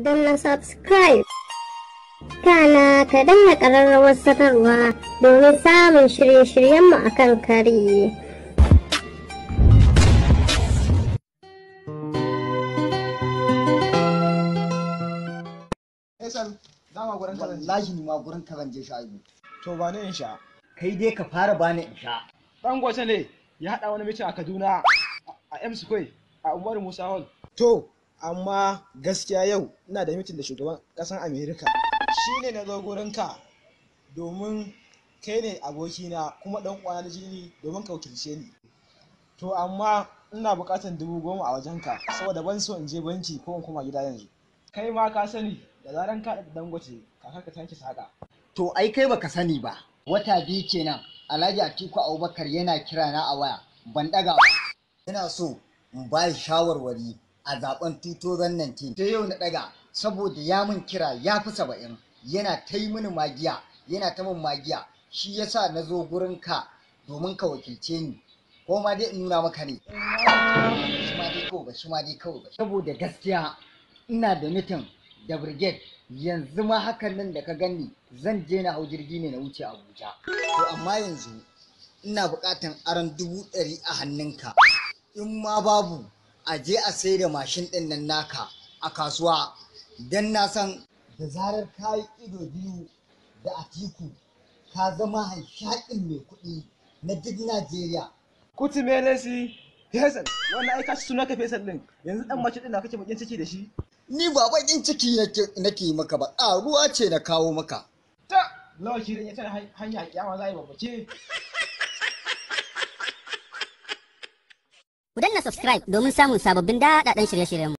na subscribe kana ka danna ƙararrawar sanarwa domin samun shirye-shiryenmu a kan kare Wallahi ma gurin bani in ne ya haɗa wani mitin a Kaduna a M Square a Umaru Musa Hall. To, amma gaskiya yau ina da mitin da shugaban kasan amerika shi ne na zo ka domin kai ne abokina kuma dan uwana da jini domin ka wakilce ni to amma ina bukatar dubu goma a wajen ka saboda ban so in je banki ko in koma gida yanzu kai ma ka sani da zaran ka da dangote kakar ka tanki saka to ai kai baka sani ba wata biyu kenan alhaji atiku abubakar yana kira na a waya ban ɗaga ba yana so in ba shawarwari a zaben 2019 ta yau na ɗaga saboda ya mun kira ya fi saba'in yana ta yi mini magiya yana ta min magiya shi ya sa na zo gurin ka domin ka wakilce ni ko ma dai in nuna maka ne shi ma kawai ba dai kawai saboda gaskiya ina da mitin da brigade yanzu ma hakan nan da ka gani zan je na hau jirgi ne na wuce abuja to amma yanzu ina buƙatan aron dubu ɗari a hannunka in ma babu a je a sai da mashin ɗin nan naka a kasuwa don na san da zarar ka yi ido biyu da atiku ka zama hanshaƙin mai kuɗi na duk najeriya kuti melesi fesal wannan aika su suna ka fesal ɗin yanzu ɗan mashin ɗin na kake bakin ciki da shi ni ba bakin ciki nake yi maka ba a ruwa ce na kawo maka ta lawa shi ya tana hanya kiyama za a yi babbace ku danna subscribe domin samun sababbin daɗaɗɗen shirye-shiryenmu.